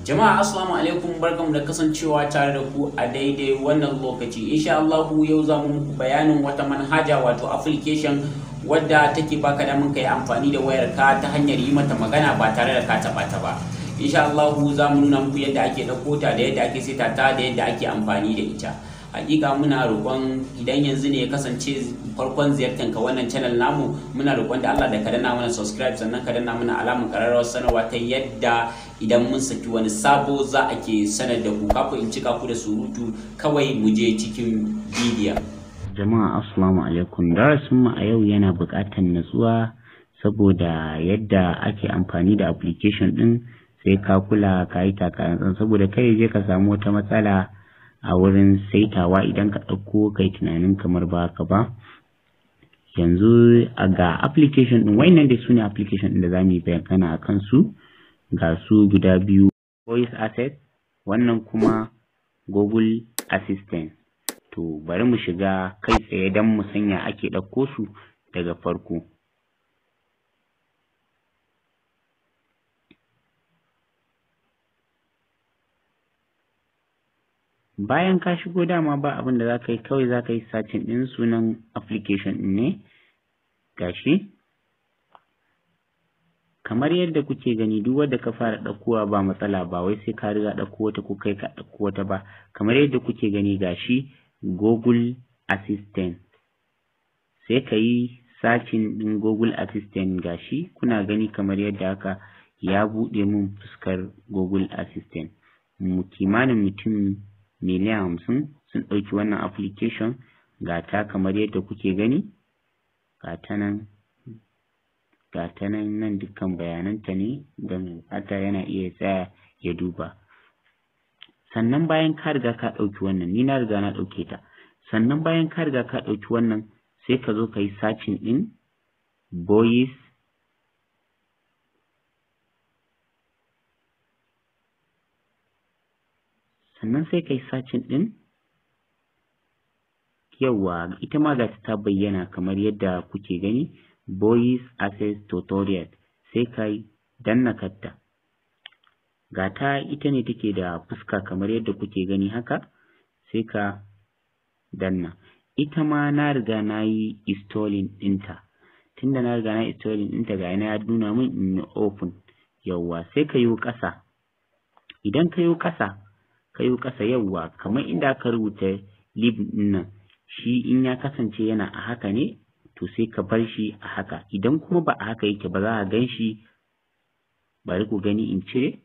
Jama'a assalamu alaikum barkamu da kasancewa tare da ku a daidai wannan lokaci. Insha Allah yau za mu muku bayanin wata manhaja wato application wadda take baka da damar kai amfani da wayarka ta hanyar yi mata magana ba tare da ka taɓa ba. Insha Allah za mu nuna muku yadda ake ɗauko ta da yadda ake seta ta da yadda ake amfani da ita. hakika muna roƙon idan yanzu ne ya kasance farkon ziyartar ka wannan channel namu muna roƙon da Allah da ka danna mana subscribe sannan ka danna mana alamun ƙararrawar sanarwa ta yadda idan mun saki wani sabo za a ke sanar da ku kafin in cika ku da surutu kawai mu je cikin bidiyon. jama'a assalamu alaikum darasin mu a yau yana buƙatar natsuwa saboda yadda ake amfani da application din sai ka kula ka yi takarar saboda kai je ka samu wata matsala a wurin saitawa idan ka ɗauko kai tunanin kamar ba ka ba yanzu ga application ɗin wayannan da su ne application ɗin da za mu yi bayyana a kansu ga su guda biyu voice asset wannan kuma google assistant to bari mu shiga kai tsaye don mu sanya ake ɗauko su daga farko bayan ka shigo dama ba abin da zaka yi kawai zaka yi sacin ɗin sunan application ɗin ne gashi kamar yadda kuke gani duk wanda ka fara ɗaukowa ba matsala ba wai sai ka riga ɗauko wata ko kai ka ɗauko wata ba kamar yadda kuke gani gashi google assistant sai ka yi sacin ɗin google assistant gashi kuna gani kamar yadda haka ya buɗe mun fuskar google assistant mu kimanin mutum miliyan hamsin sun ɗauki wannan application ga ta kamar yadda kuke gani ga ta nan nan dukkan bayananta ne don haka yana iya tsaya ya duba sannan bayan ka riga ka ɗauki wannan ni na riga na ɗauke ta sannan bayan ka riga ka ɗauki wannan sai ka zo ka yi sacin ɗin boyis. sannan sai ka yi sacin ɗin yawwa ita ma ga ta bayyana kamar yadda kuke gani boys access tutorial sai kai danna katta ga ta ita ne take da fuska kamar yadda kuke gani haka sai ka danna ita ma na riga na yi installing ɗinta tunda na riga na installing ɗinta ga yana ya nuna min in open yawwa sai ka yi ƙasa idan ka yi ƙasa kayo ƙasa yawwa kamar inda ka rubuta lib nan shi in ya kasance yana a haka ne to sai ka bar shi a haka idan kuma ba a haka yake ba za a gan shi bari ku gani in cire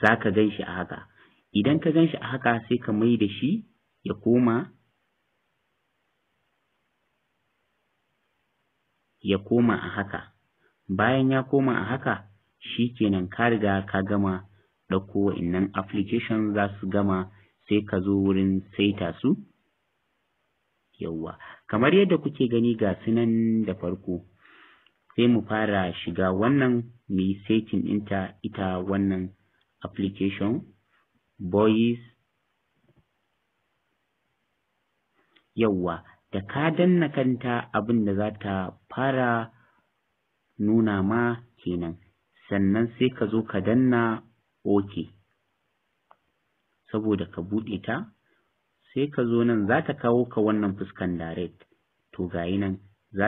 za ka gan shi a haka idan ka gan shi a haka sai ka mai da shi ya koma ya koma a haka bayan ya koma a haka Shi kenan ka riga ka gama ɗauko wa'innan application za su gama sai ka zo wurin saita su yawwa kamar yadda kuke gani ga sunan da farko sai mu fara shiga wannan mu yi ita wannan application boys yawwa da ka danna kanta abin da za ta fara nuna ma kenan sannan sai ka zo ka danna ok saboda ka buɗe ta sai ka zo nan za ta kawo ka wannan fuskan direct to gayi nan za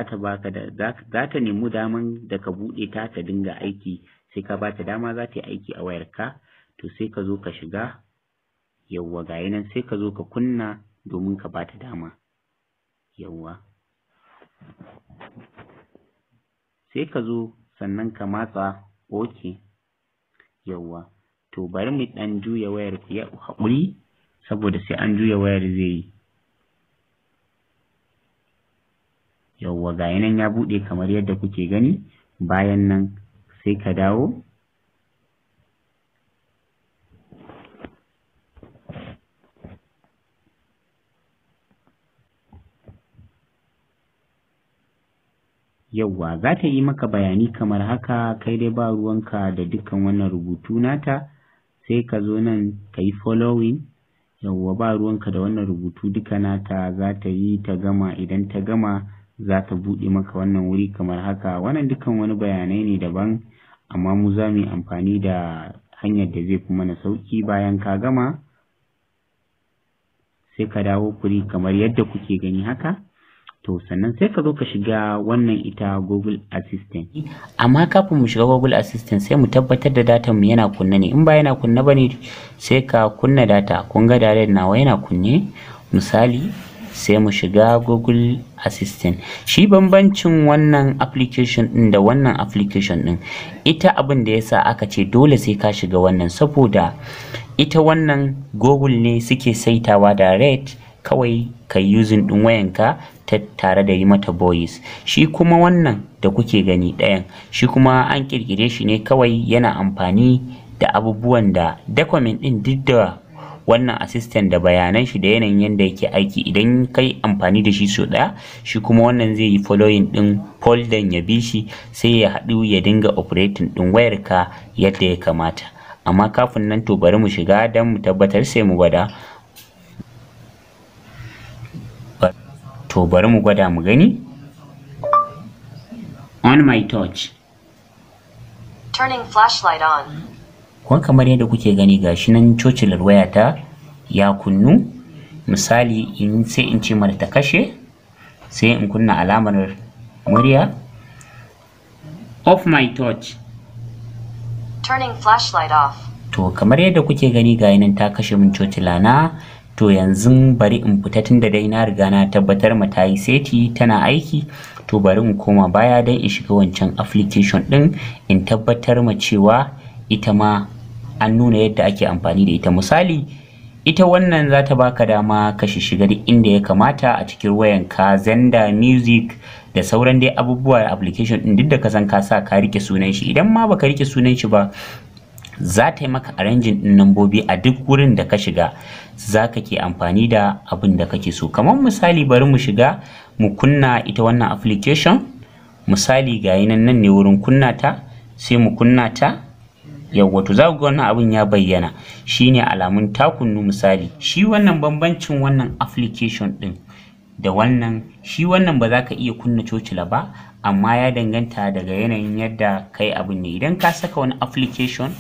ta nemi daman da ka buɗe ta ta dinga aiki sai ka ba ta dama za ta yi aiki a wayarka to sai ka zo ka shiga yawwa gayi nan sai ka zo ka kunna domin ka ba ta dama yawwa sai ka zo sannan ka matsa ok yawwa to bari mu ɗan juya wayar ku ya haƙuri saboda sai an juya wayar zai yi yawwa ga nan ya buɗe kamar yadda kuke gani bayan nan sai ka dawo yauwa za ta yi maka bayani kamar haka kai dai ba ruwanka da dukkan wannan rubutu nata sai ka zo nan ka yi following yauwa ba ruwanka da wannan rubutu duka nata za ta yi ta gama idan ta gama za ta buɗe maka wannan wuri kamar haka wannan dukkan wani bayanai ne daban amma mu za mu yi amfani da hanyar da zai fi mana sauki bayan ka gama sai ka dawo kuri kamar yadda kuke gani haka to sannan sai ka zo ka shiga wannan ita google assistant amma kafin mu shiga google assistant sai mu tabbatar da data mu yana kunna ne in ba yana kunna bane sai ka kunna data kun ga data nawa yana kunne misali sai mu shiga google assistant shi bambancin wannan application din da wannan application din ita abin da yasa aka ce dole sai ka shiga wannan saboda ita wannan google ne suke saitawa da kawai ka yi using ɗin wayanka ta tare da yi mata boys shi kuma wannan da kuke gani ɗayan shi kuma an ƙirƙire shi ne kawai yana amfani da abubuwan da document ɗin duk da wannan assistant da bayanan shi da yanayin yadda yake aiki idan kai amfani da shi so ɗaya shi kuma wannan zai yi following ɗin folder ya bi shi sai ya haɗu ya dinga operating ɗin wayarka yadda ya kamata amma kafin nan to bari mu shiga don mu tabbatar sai mu gwada to bari mu gwada mu gani on my touch turning flashlight on kuma kamar yadda kuke gani gashi nan cocilar wayata ya kunnu misali in sai in ce mata ta kashe sai in kunna alamar murya off my torch turning flashlight off to kamar yadda kuke gani ga nan ta kashe min cocin lana. to yanzu bari in fita tun da dai na riga na tabbatar ma ta yi seti tana aiki to bari in koma baya don in shiga wancan application din in tabbatar ma cewa ita ma an nuna yadda ake amfani da ita misali ita wannan za ta baka dama ka shiga duk inda ya kamata a cikin ka zenda music da sauran dai abubuwa application din duk da ka san ka sa ka rike sunan shi idan ma baka rike sunan shi ba za ta yi maka arrangin din nambobi a duk wurin da ka shiga za ka ke amfani da abin da kake so kamar misali bari mu shiga mu kunna ita wannan application misali ga nan nan ne wurin kunna ta sai mu kunna ta yawwa to za ku ga wannan abin ya bayyana shine alamun takunnu misali shi wannan bambancin wannan application din da wannan shi wannan ba za ka iya kunna cocila ba amma ya danganta daga yanayin yadda kai abin ne idan ka saka wani application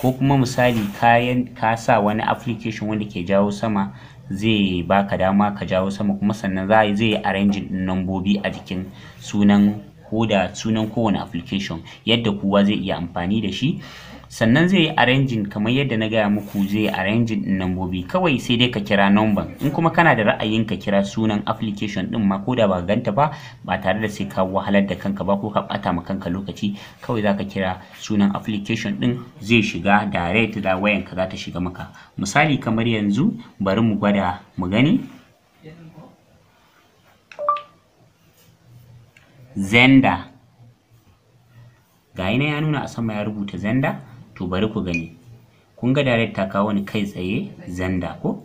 ko kuma misali kayan ka sa wani application wanda ke jawo sama zai baka dama ka jawo sama kuma sannan za zai yi arranging din nambobi a jikin sunan ko da sunan kowane application yadda kowa zai iya amfani da shi sannan zai yi arranging kamar yadda na gaya muku zai yi arranging din nambobi kawai sai dai ka kira number in kuma kana da ra'ayin ka kira sunan application din ma ko da ba ganta ba ba tare da sai ka wahalar da kanka ba ko ka bata ma kanka lokaci kawai zaka kira sunan application din zai shiga direct da wayan ka za ta shiga maka misali kamar yanzu bari mu gwada mu gani zenda ga ya nuna a sama ya rubuta zenda to bari ku gani kun ga direct ta kawo ni kai tsaye zanda ko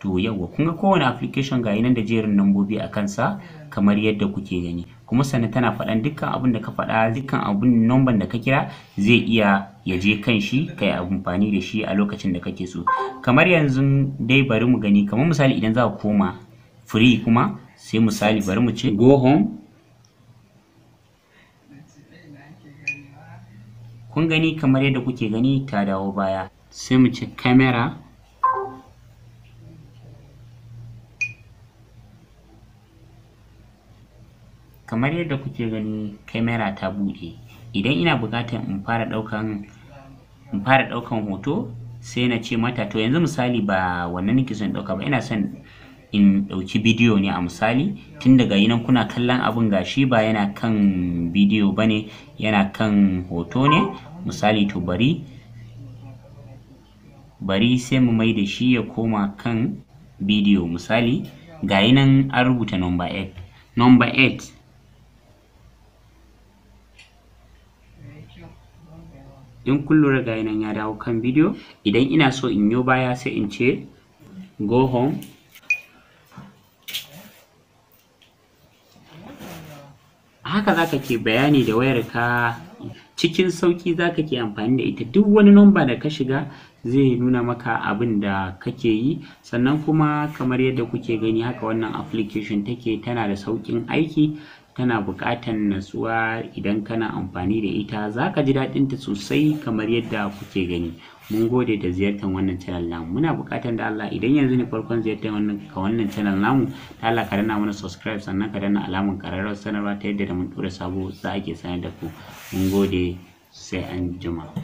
to yawa kun ga kowane application ga nan da jerin nambobi a kansa kamar yadda kuke gani kuma sannan tana faɗan dukkan abin da ka faɗa dukkan abun number da ka kira zai iya ya je kan shi ka amfani da shi a lokacin da kake so kamar yanzu dai bari mu gani kamar misali idan za ku koma free kuma sai misali bari mu ce go home kun gani kamar yadda kuke gani ta dawo baya sai mu ci kamera kamar yadda kuke gani kamera ta buɗe idan ina buƙatar in fara ɗaukan in fara ɗaukan hoto sai na ce mata to yanzu misali ba wannan nake son ɗauka ba ina son in ɗauki bidiyo ne a misali tun daga yi nan kuna kallon abin gashi ba yana kan bidiyo ba ne yana kan hoto ne misali to bari bari sai mu mai da shi ya koma kan bidiyo misali ga yi nan an rubuta nomba 8 nomba 8 in kullura lura ya dawo kan bidiyo idan ina so in yi baya sai in ce go home haka zaka ke bayani da wayar ka cikin sauki zaka ke amfani da ita duk wani number da ka shiga zai nuna maka abin da kake yi sannan kuma kamar yadda kuke gani haka wannan application take tana da sauƙin aiki tana buƙatan natsuwa idan kana amfani da ita za ka ji daɗinta sosai kamar yadda kuke gani mun gode da ziyartar wannan channel namu muna buƙatan da Allah idan yanzu ne farkon ziyartar wannan ka wannan channel namu ta Allah ka danna mana subscribe sannan ka danna alamar ƙararrawar sanarwa ta yadda da mun ɗora sabo za ake sanar da ku mun gode sai an jima